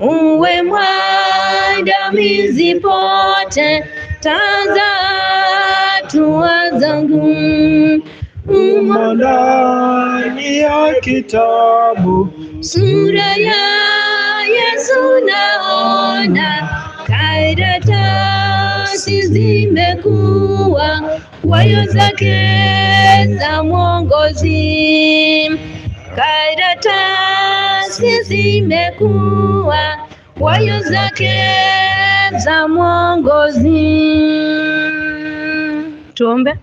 uwe mwandamizi pote, taza hatua zangu, umo ndani ya kitabu, sura ya Yesu naona, tasi zimekuwa wayo zake za mwongozi tasi nafasi zimekuwa wayo zake za mwongozi. Tuombe.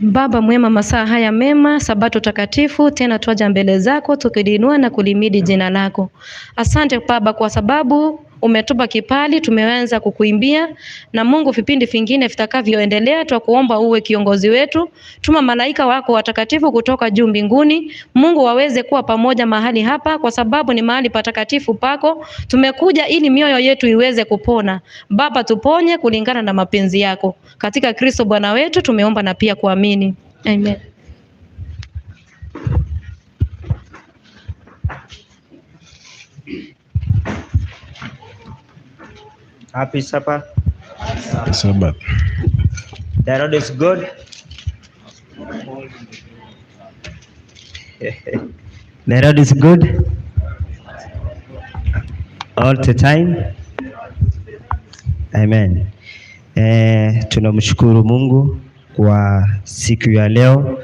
Baba mwema, masaa haya mema, sabato takatifu, tena twaja mbele zako tukilinua na kulimidi jina lako. Asante Baba kwa sababu umetupa kipali, tumeanza kukuimbia na Mungu, vipindi vingine vitakavyoendelea, twakuomba uwe kiongozi wetu, tuma malaika wako watakatifu kutoka juu mbinguni, Mungu, waweze kuwa pamoja mahali hapa, kwa sababu ni mahali patakatifu pako. Tumekuja ili mioyo yetu iweze kupona. Baba, tuponye kulingana na mapenzi yako, katika Kristo Bwana wetu tumeomba na pia kuamini, amen. Happy Supper. Sabbath. The road is good. the road is good all the time. Amen. Eh, tunamshukuru Mungu kwa siku ya leo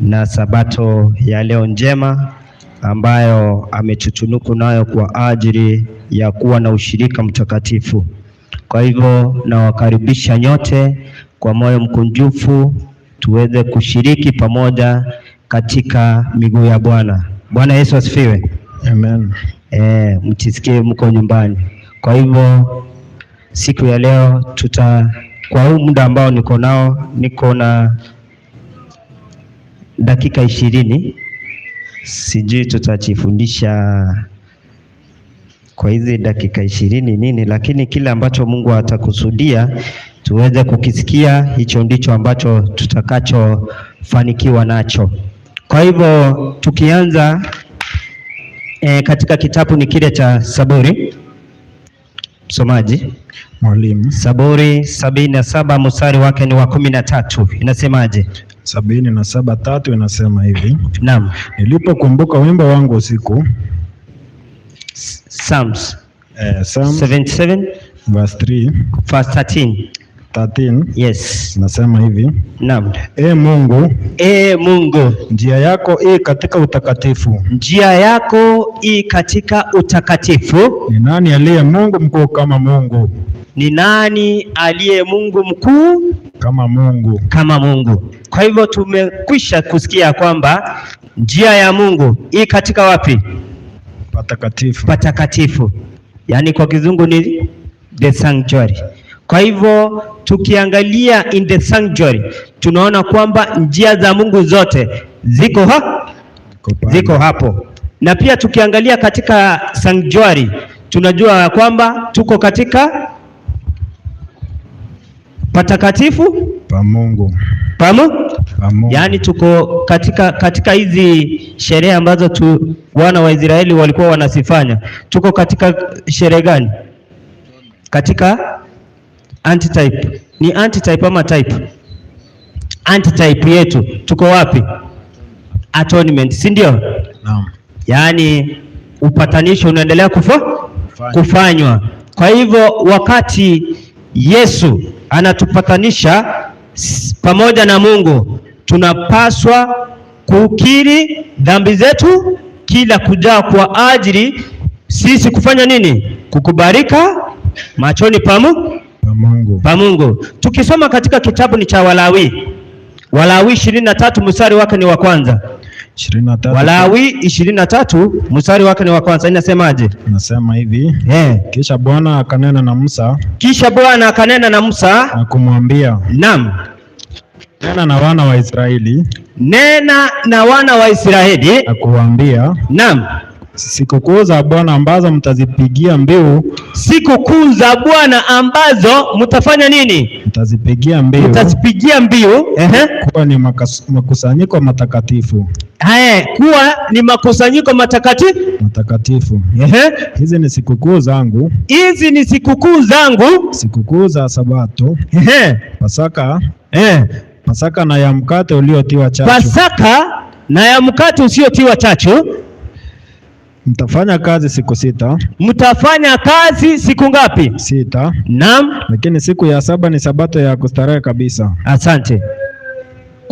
na sabato ya leo njema ambayo ametutunuku nayo kwa ajili ya kuwa na ushirika mtakatifu. Kwa hivyo nawakaribisha nyote kwa moyo mkunjufu, tuweze kushiriki pamoja katika miguu ya Bwana. Bwana Yesu asifiwe. Amen. E, mtisikie mko nyumbani. Kwa hivyo siku ya leo tuta, kwa huu muda ambao niko nao, niko na dakika ishirini, sijui tutachifundisha kwa hizi dakika ishirini nini, lakini kile ambacho Mungu atakusudia tuweze kukisikia, hicho ndicho ambacho tutakachofanikiwa nacho. Kwa hivyo tukianza e, katika kitabu ni kile cha Saburi, msomaji mwalimu, Saburi sabini na saba mstari wake ni wa kumi na tatu inasemaje? sabini na saba tatu inasema hivi, naam, nilipokumbuka wimbo wangu usiku Psalms uh, Psalms 77 verse 3 verse 13 13. Yes. Nasema hivi. Naam. E Mungu, e Mungu, njia yako i katika utakatifu, njia yako i katika utakatifu. Ni nani aliye Mungu mkuu kama Mungu? Ni nani aliye Mungu mkuu kama Mungu? Kama Mungu. Kwa hivyo tumekwisha kusikia kwamba njia ya Mungu i katika wapi? patakatifu, patakatifu, yaani kwa kizungu ni the sanctuary. Kwa hivyo tukiangalia in the sanctuary tunaona kwamba njia za Mungu zote ziko, ha? ziko hapo, na pia tukiangalia katika sanctuary tunajua ya kwamba tuko katika patakatifu Pamungu. Pamu? Pamungu. Yaani tuko katika katika hizi sherehe ambazo tu wana wa Israeli walikuwa wanazifanya, tuko katika sherehe gani? Katika antitype. Ni antitype ama type? Antitype yetu tuko wapi? Atonement, si ndio? Naam. Yaani upatanisho unaendelea kufa? kufanywa. Kwa hivyo wakati Yesu anatupatanisha pamoja na Mungu tunapaswa kukiri dhambi zetu kila kujaa, kwa ajili sisi kufanya nini? Kukubarika machoni pa Mungu. Pa Mungu. Tukisoma katika kitabu ni cha Walawi, Walawi ishirini na tatu mstari wake ni wa kwanza 23. Walawi 23 mstari wake ni wa kwanza inasemaje? Nasema hivi yeah. Kisha Bwana akanena na Musa, kisha Bwana akanena na Musa na kumwambia, naam, nena na wana wa Israeli, nena na wana wa Israeli kuambia. naam sikukuu za Bwana ambazo mtazipigia mbiu, sikukuu za Bwana ambazo mtafanya nini? Mtazipigia mbiu, mtazipigia mbiu, ehe, kuwa ni makusanyiko matakatifu Ae, kuwa ni makusanyiko matakatifu matakatifu. Ehe, hizi ni sikukuu zangu, hizi ni sikukuu zangu, sikukuu za Sabato. Ehe, Pasaka. Ehe, Pasaka na ya mkate uliotiwa chachu, Pasaka na ya mkate usiotiwa chachu. Mtafanya kazi siku sita. Mtafanya kazi siku ngapi? Sita. Naam, lakini siku ya saba ni sabato ya kustarehe kabisa. Asante.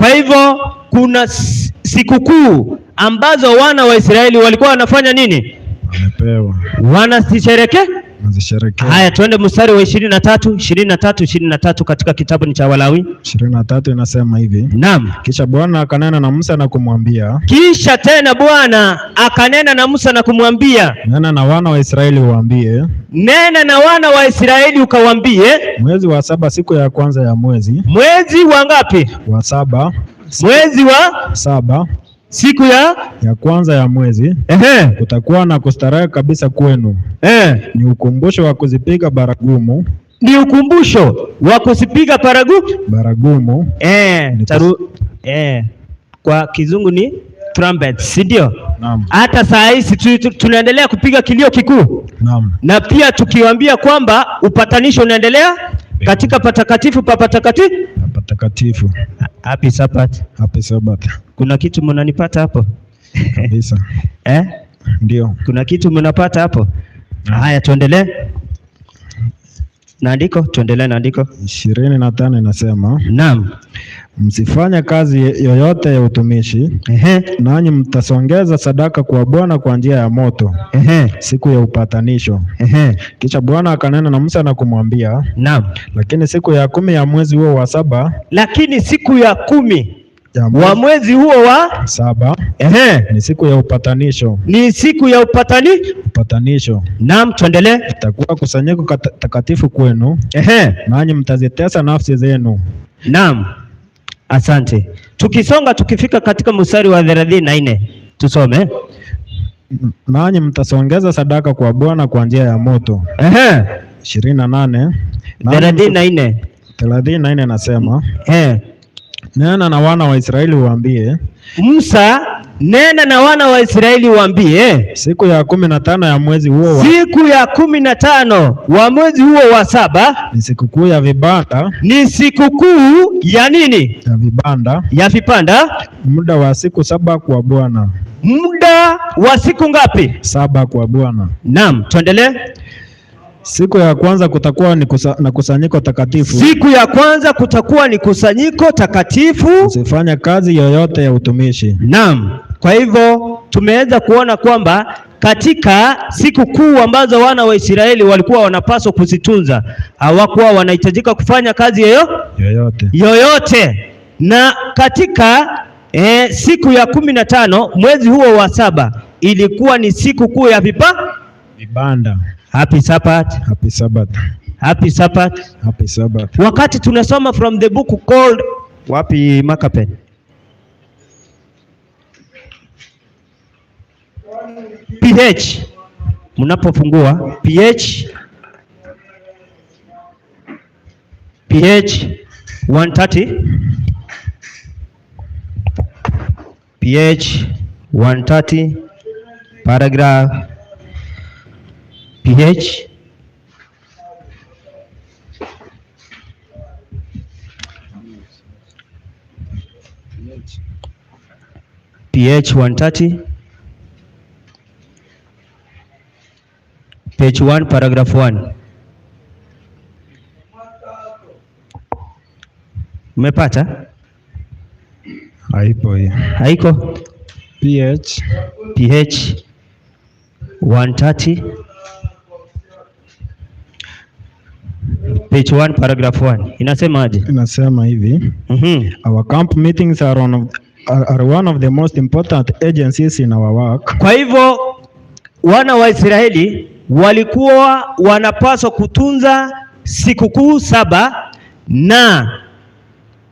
Kwa hivyo kuna sikukuu ambazo wana wa Israeli walikuwa wanafanya nini? Wanapewa. Wanasherekea Mzisherehekee. Haya, twende mstari wa ishirini na tatu ishirini na tatu ishirini na tatu katika kitabu ni cha Walawi ishirini na tatu inasema hivi. Naam. Kisha Bwana akanena na Musa na kumwambia. Kisha tena Bwana akanena na Musa na kumwambia, nena na wana wa Israeli uwaambie, nena na wana wa Israeli ukawaambie, mwezi wa saba siku ya kwanza ya mwezi. Mwezi wa ngapi? Wa saba. Mwezi wa saba siku ya ya kwanza ya mwezi ehe, kutakuwa na kustarehe kabisa kwenu. Ehe, ni ukumbusho wa kuzipiga baragumu ni ukumbusho wa kuzipiga baragu baragumu ehe, taru ehe, kwa kizungu ni trumpet, si ndio? Naam. Hata saa hizi tunaendelea kupiga kilio kikuu. Naam. Na pia tukiwaambia kwamba upatanisho unaendelea katika patakatifu pa patakatifu. Patakatifu. Happy Sabbath. Happy Sabbath kuna kitu mnanipata hapo kabisa eh? Ndio, kuna kitu mnapata hapo. Haya, tuendelee naandiko, tuendelee naandiko ishirini na tano inasema naam, msifanye kazi yoyote ya utumishi, nanyi mtasongeza sadaka kwa Bwana kwa njia ya moto Ehe. siku ya upatanisho Ehe. Kisha Bwana akanena na Musa na kumwambia, naam, lakini siku ya kumi ya mwezi huo wa saba, lakini siku ya kumi wa mwezi huo wa saba. Ehe, ni siku ya upatanisho, ni siku ya upatani upatanisho. Naam, tuendelee. Itakuwa kusanyiko takatifu kwenu, ehe, nanyi mtazitesa nafsi zenu. Naam, asante. Tukisonga tukifika katika mstari wa thelathini na nne tusome nanyi mtasongeza sadaka kwa Bwana kwa njia ya moto. Ehe, ishirini na nane thelathini na nne thelathini na nne nasema ehe Nena na wana wa Israeli uambie, Musa, nena na wana wa Israeli uambie, siku ya kumi na tano ya mwezi huo wa... siku ya kumi na tano wa mwezi huo wa saba ni sikukuu ya vibanda. Ni sikukuu ya nini? Ya vibanda, ya vipanda Muda wa siku saba kwa Bwana. Muda wa siku ngapi? Saba kwa Bwana. Naam, tuendelee. Siku ya kwanza kutakuwa ni kusa, na kusanyiko takatifu. Siku ya kwanza kutakuwa ni kusanyiko takatifu. Usifanye kazi yoyote ya utumishi. Naam. Kwa hivyo tumeweza kuona kwamba katika siku kuu ambazo wana wa Israeli walikuwa wanapaswa kuzitunza, hawakuwa wanahitajika kufanya kazi yoyo? yoyote yoyote. Na katika e, siku ya kumi na tano mwezi huo wa saba ilikuwa ni siku kuu ya vipa vibanda Happy Sabbath. Happy Sabbath. Happy Sabbath. Happy Sabbath. Wakati tunasoma from the book called wapi makapen PH mnapofungua PH PH 130 PH 130 paragraph pH pH 130 pH 1 paragraph 1. Umepata? Haipo hiyo. Haiko? pH pH 130 Page one, paragraph one. Inasemaje? Inasema hivi. Mm -hmm. Our camp meetings are one on are one of the most important agencies in our work. Kwa hivyo wana wa Israeli walikuwa wanapaswa kutunza sikukuu saba na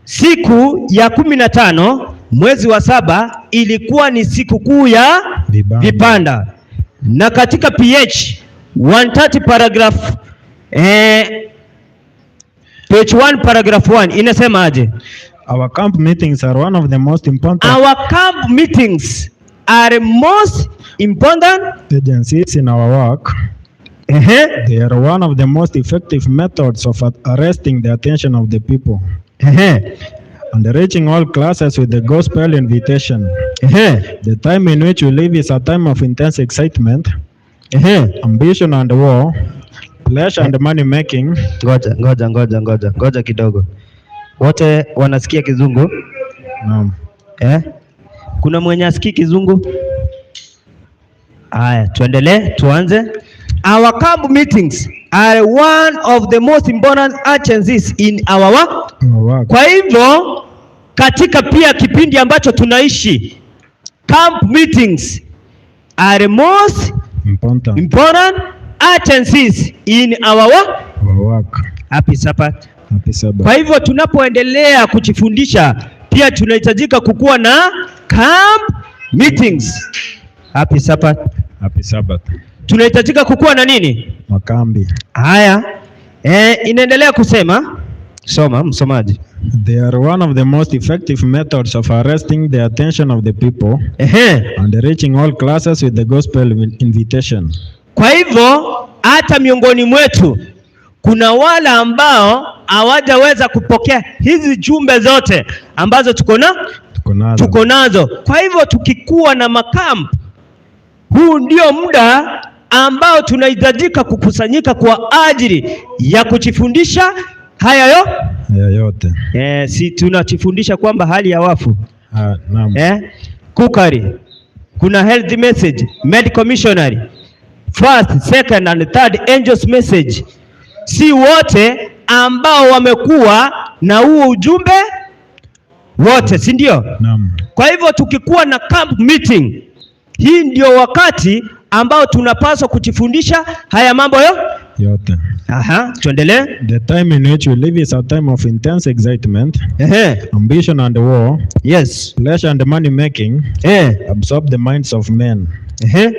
siku ya kumi na tano mwezi wa saba ilikuwa ni sikukuu ya vibanda, vibanda na katika ph 130 paragraph eh, PH 1 paragraph 1 aje? Our camp meetings are one of the most important. Our camp meetings are most important agencies in our work. Uh -huh. They are one of the most effective methods of arresting the attention of the people. Uh -huh and reaching all classes with the gospel invitation. the time in which we live is a time of intense excitement. ambition and war, pleasure and eh. money making. Ngoja, ngoja, ngoja, ngoja, ngoja kidogo. Wote wanasikia kizungu? Naam. Eh? Kuna mwenye asikii kizungu? Haya, tuendelee, tuanze. Our camp meetings are one of the most important agencies in our work. Kwa hivyo katika pia kipindi ambacho tunaishi camp meetings are most important, important agencies in our work. Work. Happy Sabbath. Happy Sabbath. Kwa hivyo tunapoendelea kujifundisha pia tunahitajika kukuwa na camp meetings. Happy Sabbath. Happy Sabbath tunahitajika kukuwa na nini? Makambi haya. E, inaendelea kusema soma msomaji. They are one of the most effective methods of arresting the attention of the people and reaching all classes with the gospel invitation. Kwa hivyo hata miongoni mwetu kuna wale ambao hawajaweza kupokea hizi jumbe zote ambazo tuko na tuko nazo. Kwa hivyo tukikuwa na makamp, huu ndio muda ambao tunahitajika kukusanyika kwa ajili ya kuchifundisha haya yo haya yote eh, si tunachifundisha kwamba hali ya wafu ah, naam. Eh, kukari kuna health message, medical missionary, first second and third angels message. Si wote ambao wamekuwa na huo ujumbe wote, si ndio? Naam. Kwa hivyo tukikuwa na camp meeting, hii ndio wakati ambao tunapaswa kujifundisha haya mambo yo yote. Aha, tuendelee. The time in which we live is a time of intense excitement, Ehe. ambition and war, yes, pleasure and money making, Ehe. absorb the minds of men. Ehe.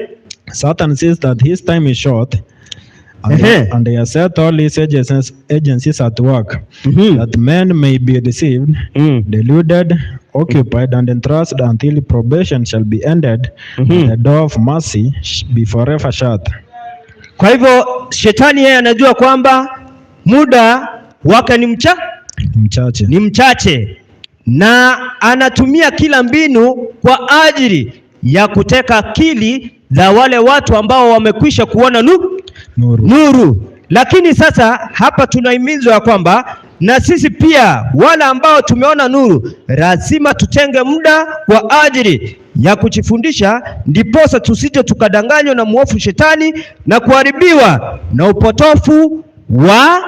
Satan says that his time is short And, uh -huh. and I set all these agencies, agencies at work mm -hmm. that men may be deceived, mm. deluded, occupied, and entrusted until probation shall be ended, mm -hmm. and the door of mercy be forever shut. Kwa hivyo shetani yeye anajua kwamba muda wake ni mcha mchache, ni mchache, na anatumia kila mbinu kwa ajili ya kuteka akili za wale watu ambao wamekwisha kuona nuru nuru, nuru. Lakini sasa hapa tunahimizwa ya kwamba na sisi pia wale ambao tumeona nuru lazima tutenge muda kwa ajili ya kujifundisha, ndiposa tusije tukadanganywa na mwofu shetani na kuharibiwa na upotofu wa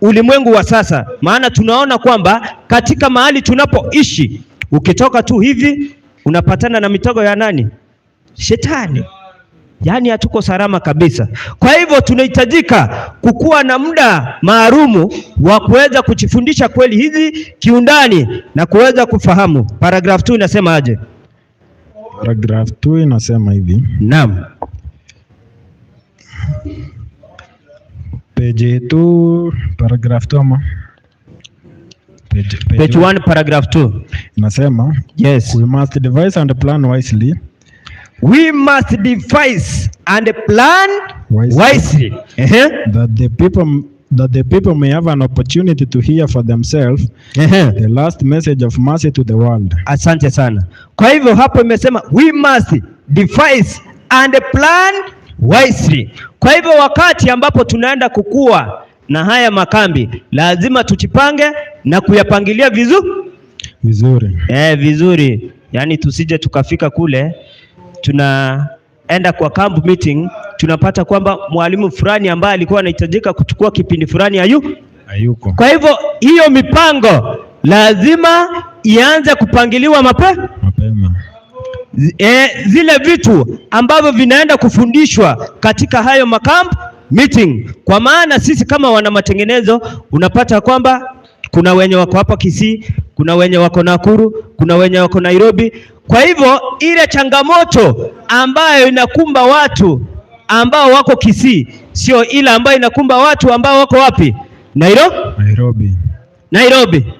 ulimwengu wa sasa. Maana tunaona kwamba katika mahali tunapoishi ukitoka tu hivi unapatana na mitego ya nani? Shetani. Yaani hatuko salama kabisa. Kwa hivyo tunahitajika kukuwa na muda maalumu wa kuweza kujifundisha kweli hizi kiundani na kuweza kufahamu. Paragraph 2 inasema aje? Paragraph 2 inasema hivi. Naam. Page 2 paragraph 2 ama page page, page 1 paragraph 2 inasema yes, we must devise and plan wisely We must devise and plan wisely, wisely. Uh -huh. that the people that the people may have an opportunity to hear for themselves uh -huh. the last message of mercy to the world. Asante sana. Kwa hivyo hapo imesema we must devise and plan wisely. Kwa hivyo wakati ambapo tunaenda kukua na haya makambi lazima tuchipange na kuyapangilia vizu? vizuri eh, vizuri, yani tusije tukafika kule tunaenda kwa camp meeting, tunapata kwamba mwalimu fulani ambaye alikuwa anahitajika kuchukua kipindi fulani hayu hayuko. Kwa hivyo hiyo mipango lazima ianze kupangiliwa mapema mapema. E, zile vitu ambavyo vinaenda kufundishwa katika hayo makamp meeting, kwa maana sisi kama wana matengenezo unapata kwamba kuna wenye wako hapa Kisii, kuna wenye wako Nakuru, kuna wenye wako Nairobi, kwa hivyo ile changamoto ambayo inakumba watu ambao wako Kisii sio ile ambayo inakumba watu ambao wako wapi? Nairo? Nairobi. Nairobi.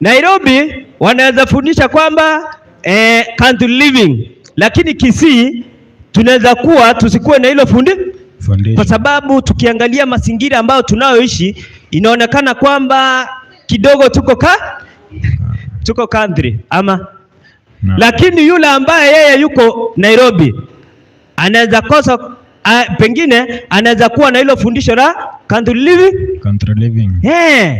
Nairobi wanaweza fundisha kwamba eh, country living, lakini Kisii tunaweza kuwa tusikuwe na hilo fundi Foundation. Kwa sababu tukiangalia mazingira ambayo tunayoishi inaonekana kwamba kidogo tuko ka tuko country ama lakini yule ambaye yeye yuko Nairobi anaweza kosa a, pengine anaweza kuwa na hilo fundisho la country living, country living. Yeah.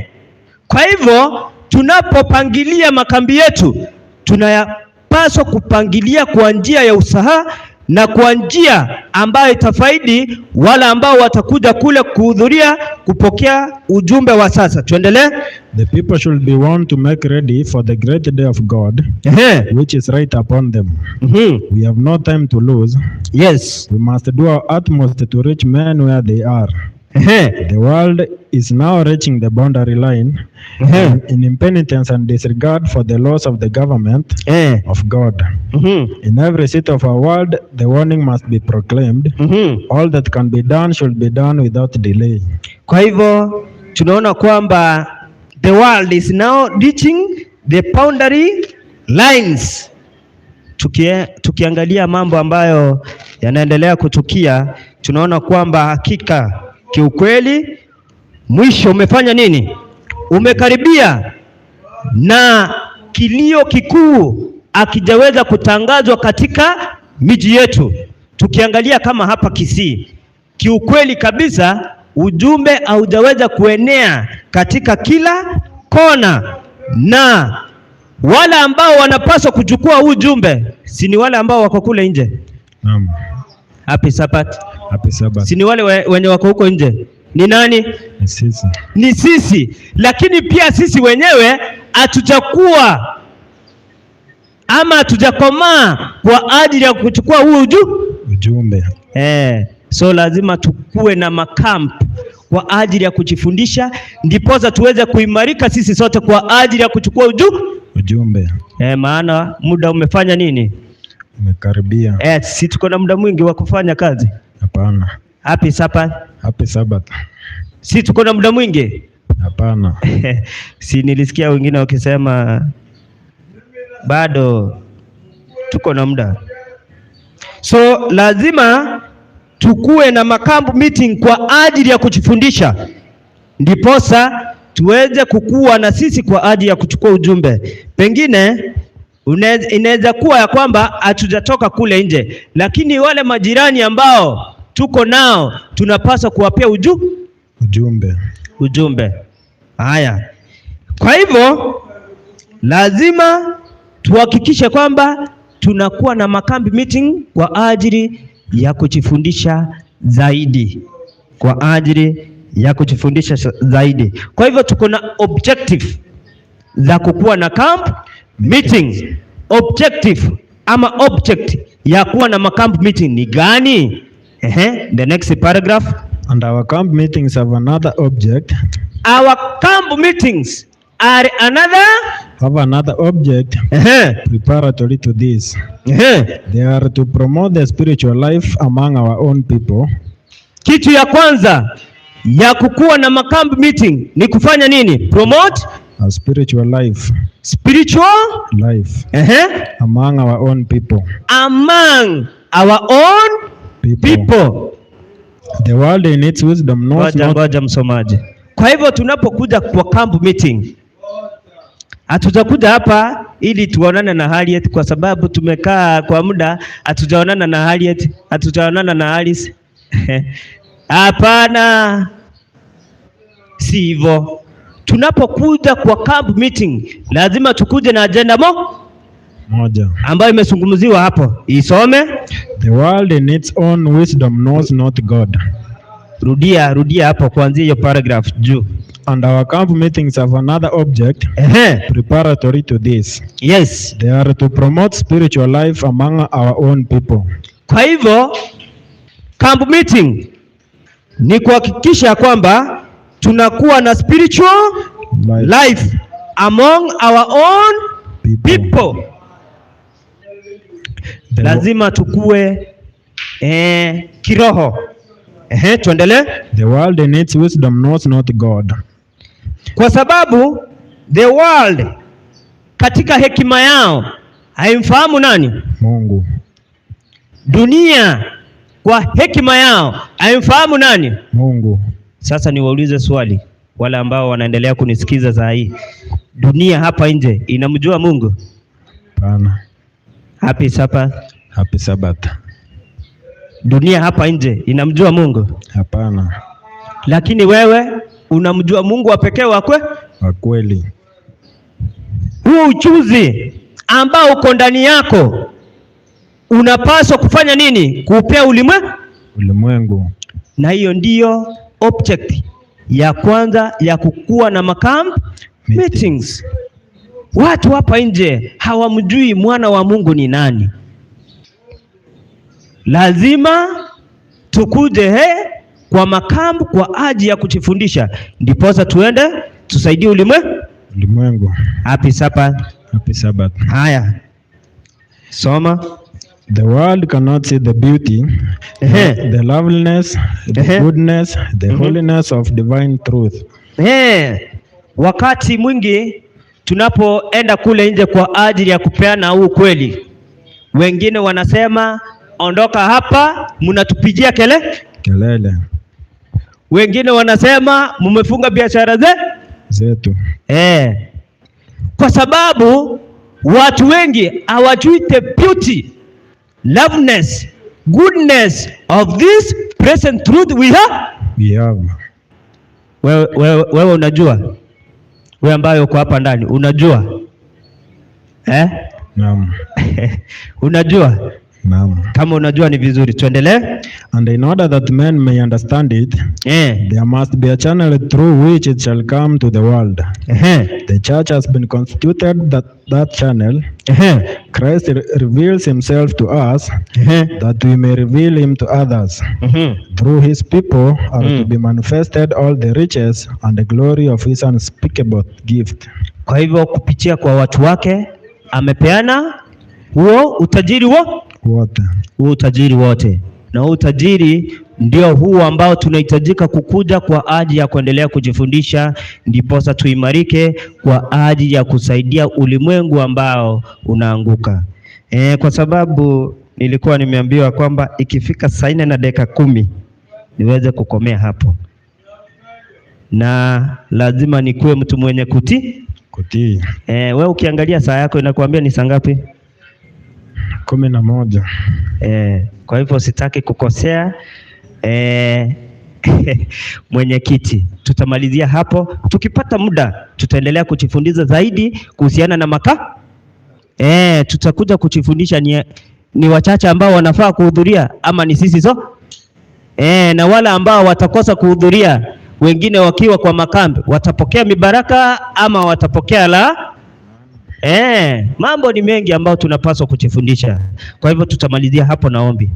Kwa hivyo tunapopangilia makambi yetu tunayapaswa kupangilia kwa njia ya usaha na kwa njia ambayo itafaidi wale ambao watakuja kule kuhudhuria kupokea ujumbe wa sasa. Tuendelee. The people should be warned to make ready for the great day of God which is right upon them. Mm -hmm. We have no time to lose. Yes. We must do our utmost to reach men where they are. The world is now reaching the boundary line in impenitence and disregard for the laws of the government of God. Mm-hmm. In every city of our world, the warning must be proclaimed. Mm-hmm. All that can be done should be done without delay. Kwa hivyo tunaona kwamba the world is now reaching the boundary lines. tukiangalia mambo ambayo yanaendelea kutukia, tunaona kwamba hakika kiukweli, mwisho umefanya nini? Umekaribia, na kilio kikuu akijaweza kutangazwa katika miji yetu. Tukiangalia kama hapa Kisii, kiukweli kabisa ujumbe haujaweza kuenea katika kila kona, na wale ambao wanapaswa kuchukua huu ujumbe si ni wale ambao wako kule nje. Naam. Happy Sabbath si ni wale wenye wako huko nje? Ni nani? Ni sisi, ni sisi. Lakini pia sisi wenyewe hatujakuwa ama hatujakomaa kwa ajili ya kuchukua huu uju ujumbe eh, so lazima tukue na makampu kwa ajili ya kujifundisha, ndiposa tuweze kuimarika sisi sote kwa ajili ya kuchukua uju ujumbe eh, maana muda umefanya nini? Umekaribia eh, si tuko na muda mwingi wa kufanya kazi. Hapana. Happy Sabbath. Happy Sabbath. Si tuko na muda mwingi? Hapana. Si nilisikia wengine wakisema bado tuko na muda. So lazima tukuwe na makambu meeting kwa ajili ya kujifundisha, ndiposa tuweze kukua na sisi kwa ajili ya kuchukua ujumbe pengine inaweza kuwa ya kwamba hatujatoka kule nje, lakini wale majirani ambao tuko nao tunapaswa kuwapea uju ujumbe ujumbe. Haya, kwa hivyo lazima tuhakikishe kwamba tunakuwa na makambi meeting kwa ajili ya kujifundisha zaidi, kwa ajili ya kujifundisha zaidi. Kwa hivyo tuko na objective za kukuwa na camp meeting objective ama object ya kuwa na camp meeting ni gani? Ehe, the next paragraph. And our camp meetings have another object. Our camp meetings are another have another object uh -huh. preparatory to this. uh -huh. They are to promote the spiritual life among our own people. Kitu ya kwanza ya kukuwa na camp meeting ni kufanya nini? Promote A spiritual life. Spiritual life. Uh-huh. Among our own people. Among our own people. People. The world in its wisdom knows not. msomaji. Kwa hivyo tunapokuja kwa camp meeting hatujakuja hapa ili tuonane na Harriet kwa sababu tumekaa kwa muda hatujaonana na Harriet, hatujaonana na Alice. Hapana, si hivyo tunapokuja kwa camp meeting lazima tukuje na agenda mo moja ambayo imezungumziwa hapo, isome. The world in its own wisdom knows not God. Rudia, rudia hapo kuanzia hiyo paragraph juu. And our camp meetings have another object uh -huh. preparatory to this. Yes. They are to promote spiritual life among our own people. Kwa hivyo camp meeting ni kuhakikisha kwamba tunakuwa na spiritual life, among our own people, Lazima tukue eh, kiroho eh, tuendelee. The world needs wisdom not not God, kwa sababu the world katika hekima yao haimfahamu nani? Mungu. Dunia kwa hekima yao haimfahamu nani? Mungu. Sasa niwaulize swali wale ambao wanaendelea kunisikiza saa hii, dunia hapa nje inamjua Mungu? Hapana. Happy Sabbath. Happy Sabbath. Dunia hapa nje inamjua Mungu? Hapana. Lakini wewe unamjua Mungu wa pekee wakwe wa kweli. Huo uchuzi ambao uko ndani yako unapaswa kufanya nini? Kuupea ulimwengu, ulimwengu. Na hiyo ndiyo object ya kwanza ya kukuwa na makamp meetings. Watu hapa nje hawamjui mwana wa Mungu ni nani. Lazima tukuje he kwa makampu kwa aji ya kujifundisha, ndiposa tuende tusaidie ulimwe ulimwengu. Happy Sabbath. Happy Sabbath. Haya, soma The world cannot see the beauty, uh -huh. the loveliness, the uh -huh. goodness, the uh mhm. -huh. holiness of divine truth. Eh, Ehe. Wakati mwingi tunapoenda kule nje kwa ajili ya kupeana huu kweli, wengine wanasema ondoka hapa, mnatupigia kele kelele. Wengine wanasema mmefunga biashara ze zetu. Eh, kwa sababu watu wengi hawajui the beauty loveness, goodness of this present truth we have. have. Wewe, wewe, wewe unajua wewe ambaye uko hapa ndani unajua eh? Naam. unajua Naam. Kama unajua ni vizuri tuendelee. And in order that men may understand it, yeah. there must be a channel through which it shall come to the world. Uh eh. -huh. The church has been constituted that that channel. Uh eh. -huh. Christ re reveals himself to us uh eh. -huh. that we may reveal him to others. Uh mm-hmm. -huh. Through his people are uh -huh. to mm. be manifested all the riches and the glory of his unspeakable gift. Kwa hivyo kupitia kwa watu wake amepeana huo utajiri wa wote, huu utajiri wote, na huu utajiri ndio huu ambao tunahitajika kukuja kwa ajili ya kuendelea kujifundisha, ndiposa tuimarike kwa ajili ya kusaidia ulimwengu ambao unaanguka. E, kwa sababu nilikuwa nimeambiwa kwamba ikifika saa nne na dakika kumi niweze kukomea hapo, na lazima nikuwe mtu mwenye kutii kutii. E, we ukiangalia saa yako inakuambia ni saa ngapi? kumi na moja. Eh, kwa hivyo sitaki kukosea e, mwenyekiti, tutamalizia hapo. Tukipata muda, tutaendelea kujifundiza zaidi kuhusiana na makaa e, eh, tutakuja kujifundisha ni, ni wachache ambao wanafaa kuhudhuria ama ni sisi so e, na wale ambao watakosa kuhudhuria, wengine wakiwa kwa makambi watapokea mibaraka ama watapokea la Eh, mambo ni mengi ambayo tunapaswa kujifundisha. Kwa hivyo tutamalizia hapo na ombi.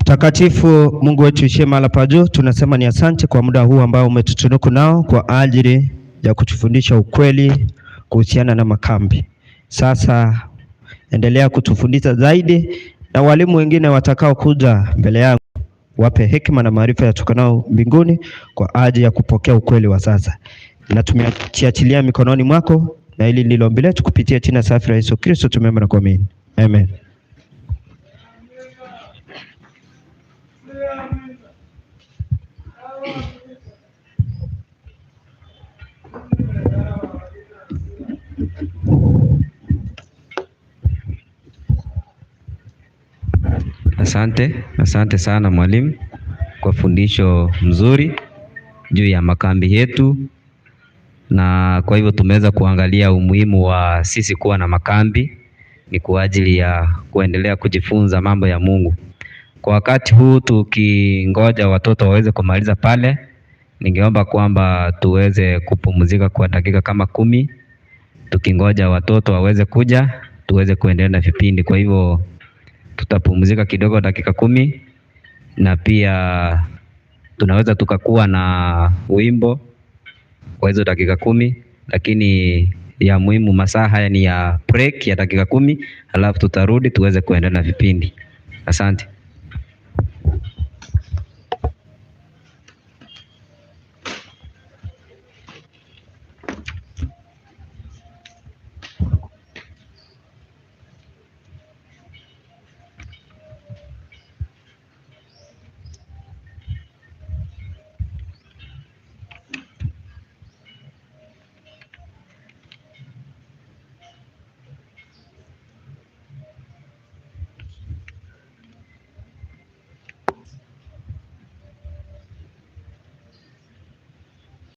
Mtakatifu Mungu wetu ishie mahala pa juu, tunasema ni asante kwa muda huu ambao umetutunuku nao kwa ajili ya kutufundisha ukweli kuhusiana na makambi. Sasa endelea kutufundisha zaidi na walimu wengine watakao kuja mbele yangu wape hekima na maarifa yatokanao mbinguni kwa ajili ya kupokea ukweli wa sasa, na tumeachiachilia mikononi mwako, na ili ndilo ombi letu kupitia jina safi la Yesu Kristo tumeomba na kuamini, amen. Asante, asante sana mwalimu kwa fundisho mzuri juu ya makambi yetu, na kwa hivyo tumeweza kuangalia umuhimu wa sisi kuwa na makambi ni kwa ajili ya kuendelea kujifunza mambo ya Mungu. Kwa wakati huu tukingoja watoto waweze kumaliza pale, ningeomba kwamba tuweze kupumzika kwa dakika kama kumi, tukingoja watoto waweze kuja tuweze kuendelea na vipindi. Kwa hivyo tutapumzika kidogo dakika kumi na pia tunaweza tukakuwa na wimbo kwa hizo dakika kumi, lakini ya muhimu masaa haya ni ya break ya dakika kumi, alafu tutarudi tuweze kuendelea na vipindi. Asante.